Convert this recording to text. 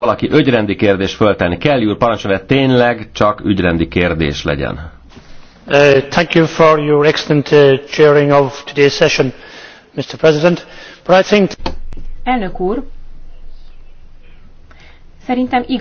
valaki ügyrendi kérdés föltenni kell, úr parancsolja, tényleg csak ügyrendi kérdés legyen. Uh, thank you for your excellent uh, chairing of today's session, Mr. President. But I think... Elnök úr, szerintem igaz.